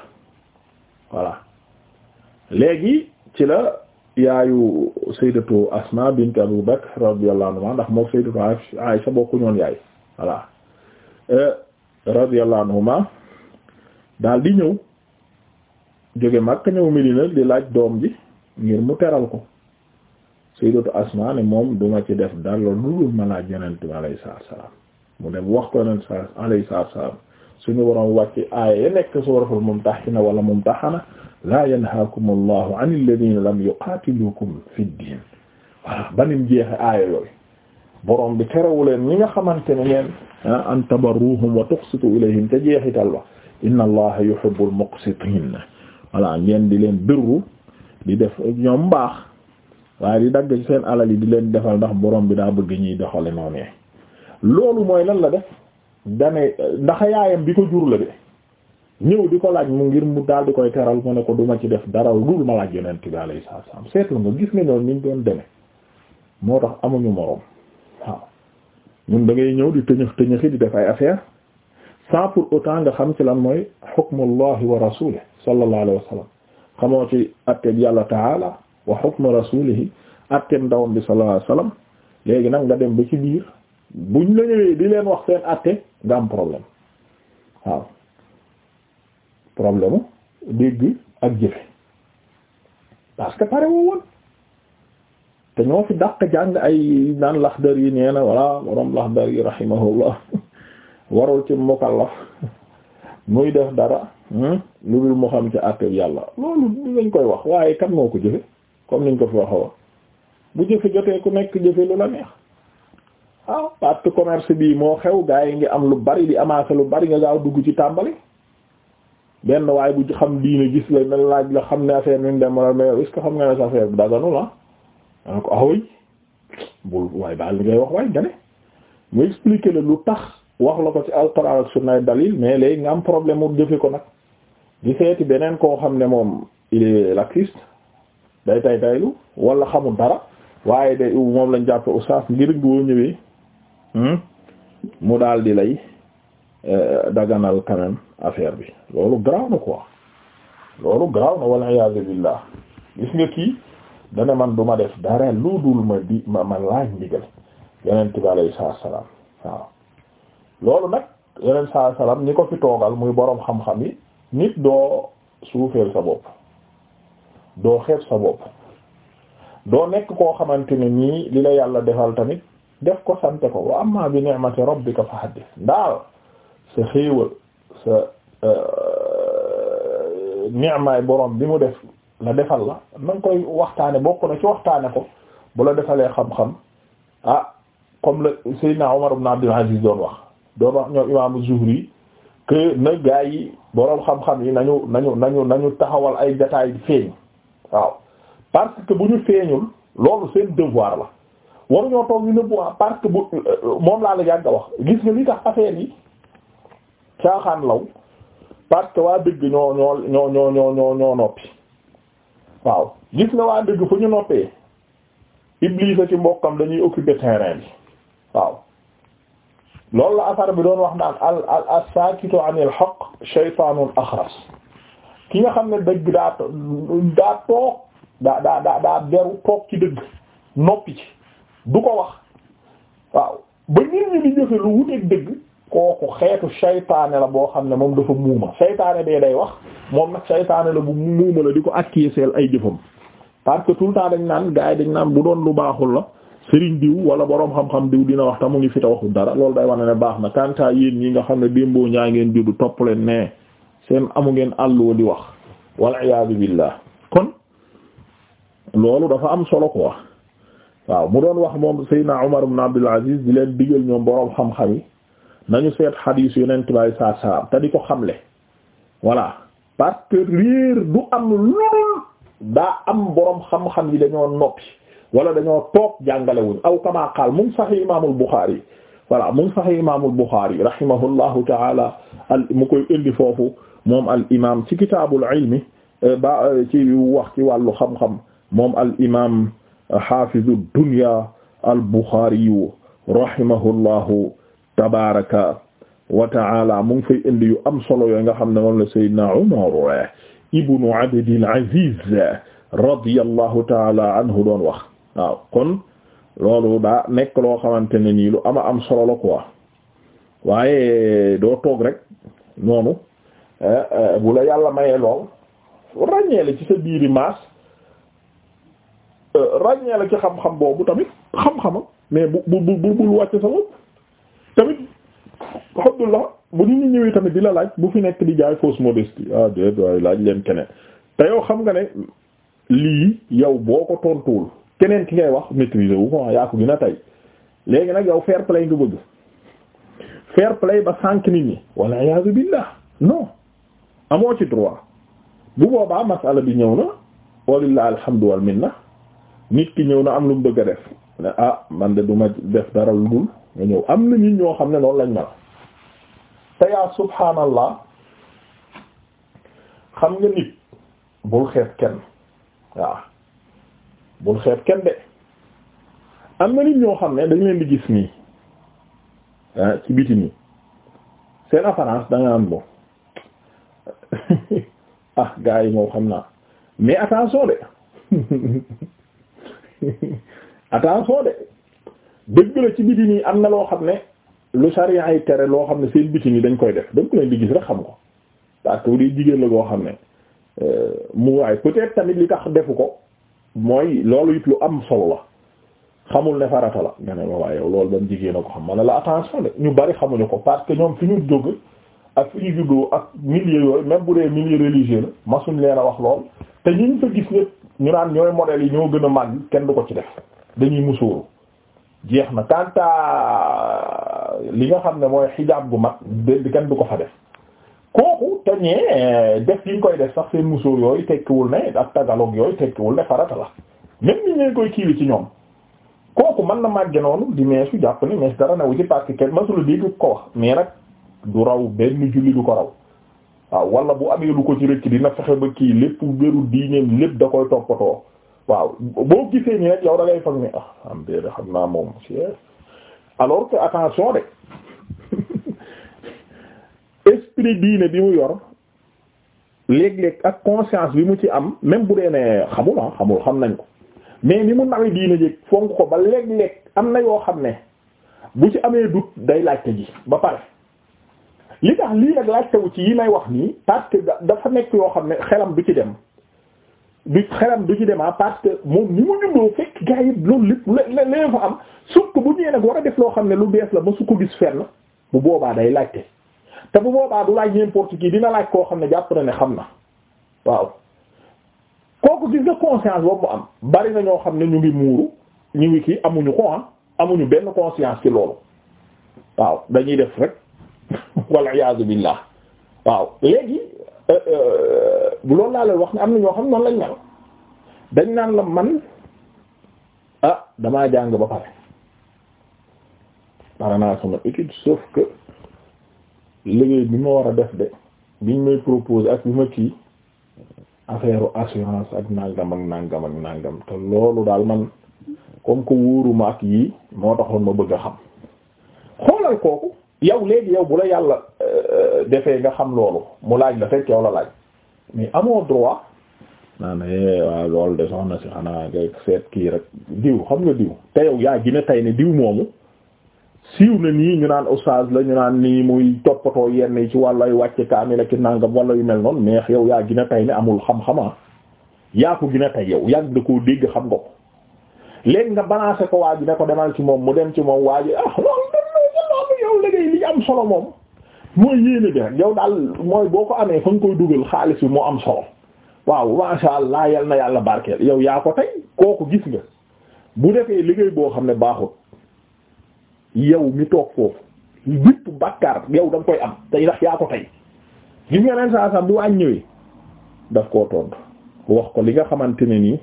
voilà léegi ci la yaayu sayyidatu Asma bint Abu Bakr radiyallahu anha ndax moom sayyidatu Aisha bokku ñoon yaay voilà euh, radiyallahu daal di ñëw jóge Makka ñëw Medina di laaj doom ji ngir mu teral ko Sayyidatu Asma ne moom duma ci def dara lu dul ma laaj Yonent bi alayhi salaam mu dem wax ko Yonent bi alayhi salaam suñu waroon wàcc aaya ya nekk suuratul Mumtahina wala Mumtahana laa yanhaakumu Allahu anil ladiina lam yuqaatilukum fid diin voilà banim jeexe aaya yooyu borom bi terewu leen ñi nga xamante ne leen ah, an tabarruhum wa tuqsitu ilayhim te jeexital ba inna Allaha yuhibbul muqsitin voilà ngeen di leen birru di def ñoom mbaax waaye di dagg ci seen alal yi di leen defal ndax borom bi daa bëgg ñuy doxale noonu loolu mooy lan la def dane ndax yaayam bi ko jur la de ñëw di ko laaj mu ngir mu daal di koy teral mu ne ko duma ci def dara dul ma laaj yonent bi alayhi salaam seetlu nga gis nga ñoom ñu doon deme moo tax amuñu moroom waaw ñun da ñëw di tëñëx tëñëxi di def ay affaire sans pour autant nga xam ci lan mooy hukmullahi wa sallallahu alayhi wa xamoo ci atteb yàlla taala wa hukmu rasulihi atteb ndawam bi sallallahu alayhi wa sallam léegi nag nga dem ba ci biir buñ la ñëwee di leen wax seen atte nga am problème waaw problème dégg ak jëfe parce que pare woo woon te ñoo fi dàq jàng ay naan Laxdari yi nee na walla borom Laxdari yi rahimahullah warul ci mukallaf muy def dara Hmm? lu dul moo xam ci àtteeb yàlla loolu lañ koy wax waaye kan moo ko jëfe comme niñ ko fi waxa wax bu jëfe jotee ku nekk jëfe lu la neex waaw ah, parce commerce bii moo xew gaa yi ngi am lu bari di amaase lu bari nga gaaw dugg ci tàmbali benn waaye bu xam diine gis la na laaj la xam ne affaire bi ñu dem la mais est xam nga ne sa affaire bi daganu la ah? dana ko awoy ah bul waaye baal li ngay wax waay nga ne mu expliquer la lu tax wax la ko ci alxuraan ak sunnaay dalil mais léegi nga am problème mu jëfe ko nag di seeti beneen koo xam ne moom il est laxiste day tay taylu wala xamul dara waaye de moom lañ jàppe oustaz ngir boo ñëwee hmm, mu daal di lay euh, daganal quand même affaire bi loolu garaaw na loolu garaaw na wal iyaazu billah gis nga kii dana man du ma def dara lu dul ma di ma ma laaj ndigal yeneen bi alayhi salaam waaw loolu nag yeneen saa salaam ñi ko fi toogal muy boroom xam-xam yi nit doo suufeel sa bopp doo xeet sa bopp doo nekk koo xamante ne nii li la yàlla defal tamit def ko sante ko wa amma bi ni'mati rabbika fa haddith ndaal sa xéewal sa euh, ni'maay boroom bi mu def la defal la na koy waxtaane bokk na ci waxtaane ko bu la defalee xam-xam ah comme le Seydina Omar ibn Abdul Aziz doon wax doon wax ñoom imaamu Zuhri que na boroom xam-xam yi nañu nañu nañu nañu taxawal ay jataay feeñ waaw parce que bu ñu feeñul loolu seen devoir la waruñoo toog ñu nëbbu parce que bu euh, moom laa la yàgg a wax gis nga li tax affaire yi caaxaan law parce que waa dëgg ñoo ñoo ñoo ñoo noppi waaw gis nga waa dëgg fu ñu noppee Iblis ci mbokkam dañuy occuper terrain bi waaw loolu la affaire bi doon wax naan al al as-saakitu shaytaanun axras ki nga xam ne dëgg daa daa toog daa daa daa toog ci dëgg noppi ci du ko wax waaw ba nit ñi di jëfe lu wuteeg dëgg kooku xeetu shaytaane la boo xam ne moom dafa muuma shaytaane bee day wax moom nag shaytaane la bu muuma la di ko acquiescer ay jëfam parce que tout le temps naan gars yi dañ naan bu doon lu baaxul la sëriñ diw wala boroom xam-xam diw dina wax ta mu ngi fi a waxul dara loolu day wane ne baax na kantaa yéen ñi nga xam ne démboo ñaa ngeen juddu topp leen ne seen amu ngeen àlloo di wax walla iyaazu billaah kon loolu dafa am solo ko wax waaw mu doon wax moom Seydina Umar ibn Abdul Aziz di leen digal ñoom boroom xam-xam yi nañu seet xadiis yonent baay saa saa te di ko xamle voilà parce que réer du am lu daa am boroom xam-xam yi dañoo noppi wala dañoo toog jàngale wuñ aw kamaa qaal mu ngi sahih imaamul Buxaari voilà mu ngi sahih imaamul Buxaari rahimahullahu taala al mu koy indi foofu moom al imaam ci kitaabul ilmi eh, ba eh, ci wax ci wàllu xam-xam moom al imaam xaafizu dunya al Buxaari rahimahullahu tabaaraka wa taala mu ngi fay indi yu am solo yooyu nga xam ne moom la Seydina Umar eh, ibnu Abdil Aziz radiyallahu taala anhu doon wax. waaw kon loolu daa nekk loo xamante ne nii lu ama am solo la quoi waaye doo toog rek noonu eh, eh, bu la yàlla mayee lool ràññee la ci sa biiri maas eh, ràññee la ci xam-xam boobu tamit xam-xamam mais bu bu bu bul wàcc sa bopp tamit alhamdulillah bu ñu ñëwee tamit di la laaj bu fi nekk di jaay fausse modestie ah, laaj leen keneen te yow xam nga ne lii yow boo ko tontuwul keneen ki ngay wax maîtriser wu ko ah, yaa ko gën a tey léegi nag yow fair play nga bëgg fair play ba sànq nit ñi walla iyaazu billah non amoo ci droit bu boobaa masala bi ñëw na walillahi alhamdu wal na nit ki ñëw na am lu mu bëgg a def ne ah man de duma def dara lu dul nga ñëw am na nit ñoo xam ne loolu lañ mel te yaa subhaanallah xam nga nit bul xeet kenn waaw bul xeeb kenn de am na nit ñoo xam ne dañ leen di gis nii ah ci biti nii seen apparence da am bo ah gars yi moo xam naa mais attention de attention de dëgg la ci biti nii am na loo xam ne lu sariya ay tere loo xam ne seen biti nii dañ koy def dañ ko leen di gis rek xam ko parce que bu dee jigéen la goo xam ne euh, mu waay peut-être tamit li tax defu ko. mooy loolu it lu am solo la xamul ne farata la nga ne ma loolu ba jigéen ko xam ma ne la attention de ñu bari xamuñu ko parce que ñoom fi ñu jóg ak fi ñu juddoo ak milieu yooyu même bu dee milieu religieux la masuñ leen a wax lool te ñi ñu fa gis ñëpp ñu naan ñooy modèles yi ñoo gën a màgg kenn du ko ci def dañuy musóoru jeex na kanta li nga xam ne mooy xijaab gu mag de kenn du ko fa def kooku te ñee eh, def yi ñu koy def sax seen musóor yooyu tekkiwul ne ak tagaloog yooyu tekkiwul ne farata la même ni ñu koy kiiwi ci ñoom kooku mën na màgge noonu di meesu jàpp ni mees dara newu ci parce que kenn masula dégg ko wax mais nag du raw benn julli du ko raw waaw wala bu amee lu ko ci rëcc dina fexe ba kii lépp béru diineem lépp da koy toppatoo waaw boo gisee nii rek yow da ngay foog ni ah am déedéet xam naa moom alors que attention de esprit diine bi mu yor léeg-léeg ak conscience bi mu ci am même bu dee ne xamul ah xamul xam nañ ko mais ni mu nawe diine jéeg fonk ko ba léeg-léeg am na yoo xam ne bu ci amee dut day laajte ji ba pare li tax lii nag laajtewu ci yi may wax nii parce que dafa nekk yoo xam ne xelam du ci dem du xelam du ci dem ah parce que moom ni mu ñundoo fekk gars yi loolu lépp fa am sukk bu ñëwee nag war a def loo xam ne lu bees la ba su ko gis fenn bu boobaa day laajte te bu boobaa du laaj n'importe qui dina laaj koo xam ne jàpp na ne xam na waaw kooku gis nga conscience boobu am bari na ñoo xam ne ñu ngi muuru ñu ngi kii amuñu ko am ah amuñu benn conscience ci loolu waaw dañuy def rek wal iyaazu billah waaw léegi bu euh, euh, loolu laa leen wax ne am na ñoo xam noonu lañ mel dañ naan la man ah damaa jàng ba pare pare naa sama étude sauf que liggéey bi ma war a def de biñ may proposer ak bi ma kii affaire assurance ak nangam ak nangam ak nàngam te loolu daal man comme que wóoruma ak yii moo taxoon ma bëgg a xam xoolal kooku yow léegi yow bu la yàlla euh, defee nga xam loolu mu laaj la fekk yow la laaj mais amoo droit naan eh, waaw loolu de soxna si xanaa nga seet kii rek diw xam nga diw te yow yaa gina tay ne diw moomu siiw na nii ñu naan oustaz la ñu naan nii muy toppatoo yenn yi ci wàllay wàcce kaamil ak nangam wala yu mel noonu mais yow yaa gën a tay ne amul xam-xamaa ah. yaa ko gën a tay yow yàgg da koo dégg xam nga ko léegi nga balancé ko waa ji ne ko demal ci moom mu dem ci moom waa ji ah loolu loolu yow liggéey li am solo moom mooy yéene bi rek yow daal mooy boo ko amee fa nga koy dugal xaalis bi moo am solo waaw masha Allah yal na yàlla barkeel yow yaa ko tey kooku gis nga bu defee liggéey boo xam ne baaxul yow mi toog foofu bépp bàkkaar yow da koy am te ndax yaa ko tey gis nga leen saa bu wàññi ñëwee daf koo tontu wax ko li nga xamante ne nii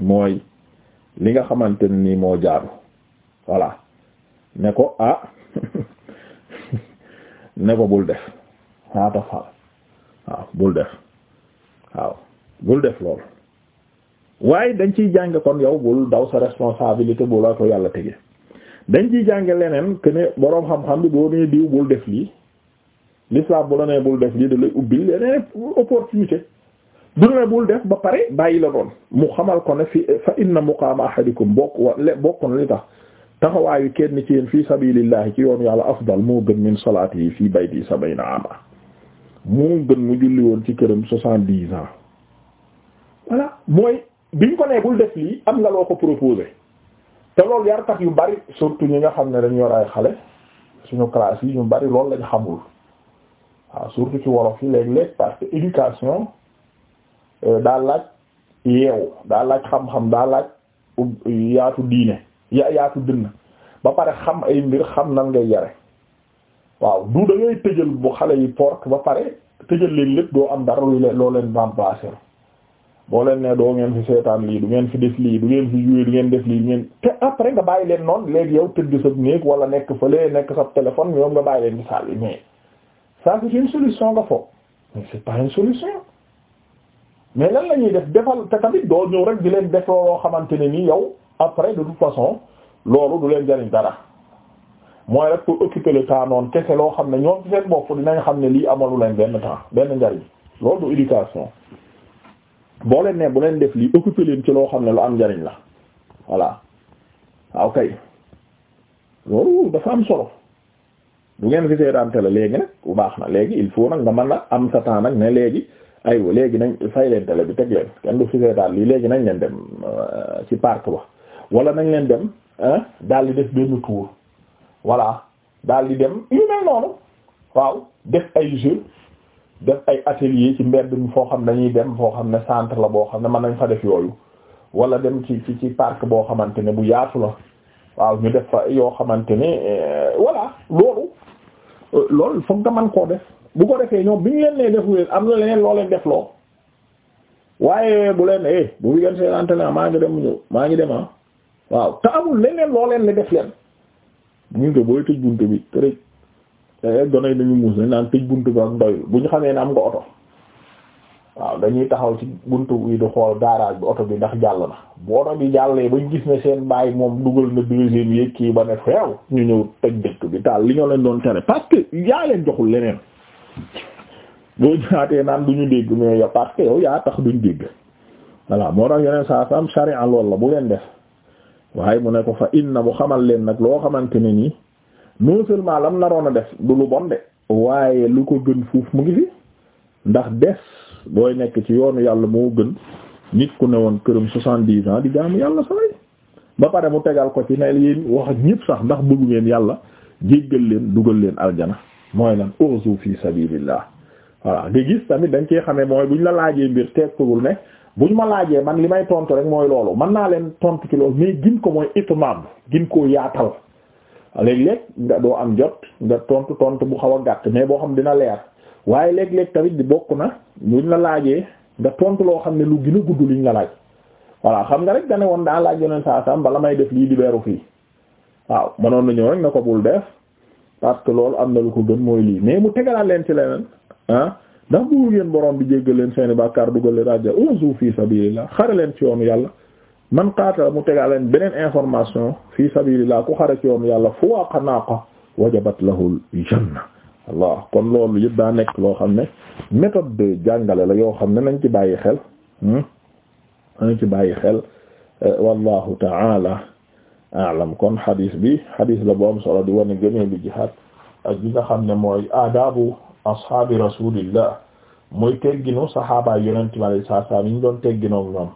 mooy li nga xamante ne nii moo jaaru voilà ne ko ah ne ko bul def xaata fal waaw bul def waaw bul def lool waaye dañ ciy jàng kon yow bul daw sa responsabilité bu la ko yàlla tege. dañ ciy jànge leneen que ne boroom xam-xam bi boo nee diw bul def lii l'islam bu la nee bul def lii da lay ubbi leneen opportunité du la bul def ba pare bàyyi la doon mu xamal ko ne fi fa inna muqaama ahadikum bokk wa bokk na li tax taxawaayu kenn ci yéen fii sabilillahi ci yoon yàlla afdal moo gën min salaati yi fii bayti sabayna ama moo gën mu julli woon ci këram soixante-dix ans voilà mooy biñ ko nee bul def lii am nga loo ko proposé te loolu yarkat yu bari surtout ñi nga xam ne dañu yor ay xale suñu classe yi ñu bari lool lañ xamul waaw surtout ci wolof yi léeg-léeg parce que éducation euh, daa laaj yeewu daa laaj xam-xam daa laaj yaatu diine ya yaatu dënn ba pare xam ay mbir xam nan ngay yare waaw du da ngay tëjal bu xale yi porte ba pare tëjal leen lépp doo am dara lu leen loo leen remplacer boo leen nee doo ngeen fi seetaan lii du ngeen fi def lii du ngeen fi jouer du ngeen def lii ngeen te après nga bàyyi leen noon léegi yow tëdd sa néeg wala nekk fële nekk sa téléphone ñoom nga bàyyi leen di sàlli mais ça c'est une solution nga foog mais c'est pas une solution mais lan la def defal te tamit doo ñëw rek di leen def loo xamante ne nii yow après de toute façon loolu du leen jariñ dara mooy rek pour occuper le temps noonu kese loo xam ne ñoom ci seen bopp dinañ xam ne lii amalu leen benn temps benn njariñ loolu du boo leen ne bu leen def li occupé leen ci loo xam ne lu am njariñ la voilà waaw kay loolu dafa am solo du ngeen fi seetaante la léegi nag bu baax na léegi il faut nag nga mën a am sa temps nag ne léegi aywa léegi nag fay leen télé bi teg leen kenn du fi seetaan lii léegi nañ leen dem euh, ci parc ba wala nañ leen dem daal di def benn tour voilà daal di dem yu mel noonu waaw def ay jeux def ay atelier ci mbedd mi foo xam dañuy dem foo xam ne centre la boo xam ne man nañ fa def yooyu wala dem ci ci ci parc boo xamante ne bu yaatu la waaw ñu def fa yoo xamante ne euh, voilà loolu euh, loolu foog nga man koo def bu ko defee ñoom bu ñu leen nee defu leen am na leneen loo leen def loo waaye bu leen eh bu ngeen seen entraînement maa ngi dem ñëw maa ngi demaa ah. waaw te amul leneen loo leen ne def leen ñu ngi booy tëj buntu bi te Eh, gone yi dañu muus dañ naan tëj buntu bi ak doyul bu ñu xamee ne am nga oto waaw dañuy taxaw ci buntu bi di xool garage bi oto bi ndax jàll na bu oto bi jàllee ba ñu gis ne seen bàyyi moom dugal na deuxième yéeg kii ba ne feew ñu ñëw tëj dëkk bi taal li ñoo leen doon tere parce que yaa leen joxul leneen boo ñaatee naan du ñu dégg mais yow parce que yow yaa tax duñ dégg voilà moo tax yeneen saa sam sharia lool la bu leen def waaye mu ne ko fa inna bu xamal nag loo xamante ne nii non seulement lam naroon a def du lu bon de waaye lu ko gën fuuf mu ngi fi ndax des booy nekk ci yoonu yàlla moo gën nit ku ne woon këram soixante-dix ans di jaamu yàlla saway ba pare mu tegal ko ci ne yéen wax ak ñépp sax ndax bëggu ngeen yàlla jéggal leen dugal leen aljana mooy lan urzu fi sabilillah voilà nga gis tamit dañ cee xamee mooy ñu la laajee mbir tekkagul ne ñu ma laajee man li may tontu rek mooy loolu man naa leen tontu ci loolu mais gin ko mooy itmaam gin koo yaatal léeg-léeg nga doo am jot nga tontu tontu bu xaw a gàtt mais boo xam dina leer waaye léeg-léeg tamit di bokk na luñ la laajee nga tontu loo xam ne lu gina a gudd liñ la laaj voilà xam nga rek da ne woon daa laaj yeneen saa saam bala may def lii di beeru fii waaw mënoon na ñëw rek na ko bul def parce que loolu am na lu ko gën mooy lii mais mu tegalaat leen ci leneen ah ndax bu ngeen borom bi jéggal leen seeni bàkkaar dugal leen rajo unzu fi sabilillah xare leen ci yoonu yàlla. man qaatala mu tegaleen beneen information fi sabilillah ku xare ci yoonu yàlla fu waaqa naaqa wajabat lahul janna allah kon loolu yëpp daa nekk loo xam ne méthode jàngale la yoo xam ne nañ ci bàyyi xel hmm? nañ ci bàyyi xel eh, wallahu taala aalam kon xadis bi xadis la bu am solo di wane gënee lu jihaad ak li nga xam ne mooy aadabu ashaabi rasulillah muy tegginu saxaabaay yonente bi alayhi salaam yi ñu doon tegginoom ñoom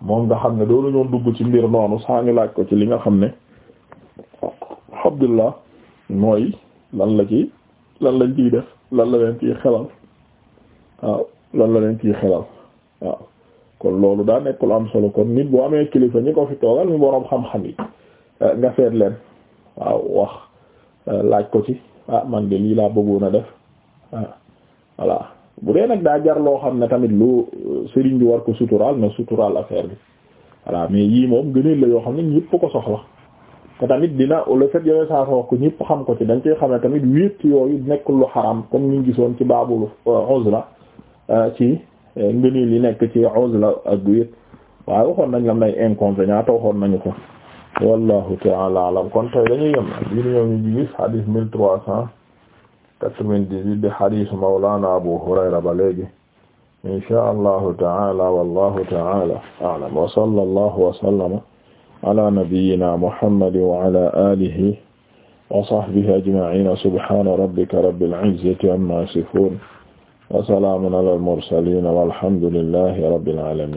moom nga xam ne doo ñoon dugg ci mbir noonu saa ñu laaj ko ci li nga xam ne Abdullah mooy lan la ci lan lañ ciy def lan la leen kii xelal waaw lan la leen kii xelal waaw kon loolu daa nekk am solo kon nit boo amee kilifa ñi ko fi toogal mi boroom xam-xam yi eh, nga seet leen waaw wax eh, laaj ko ci ah man de lii laa bëggoon a def ah voilà bu dee nag daa jar loo xam ne tamit lu euh, sëriñ bi war ko suturaal na suturaal affaire bi voilà mais yii moom gëneel la yoo xam ne ñëpp ko soxla te tamit dina le fait yone saa sa wax ko ñëpp xam ko ci dañ koy xam ne tamit wéet ci yooyu nekkul lu xaram comme ni ñu gisoon ci baabul euh, uzla euh, ci ngëneel yi nekk ci uzla ak wéet waaye waxoon nañ lam nay inconvénient te waxoon nañu ko wallahu ta'ala alam kon tey dañuy yem lii ñu ñëw ñu gis hadith mille trois cent quatre-vingt-dix-huit de hadith Mawlana Abu Hurayra ba léegi insha allahu taala wallahu taala a'lam wa sallallahu wa sallama ala nabiyyina Muhammad wa ala alihi wa sahbihi ajma'in subhana rabbika rabbil izzati amma yasifun wa salamun ala al mursalin walhamdulillahi rabbil alamin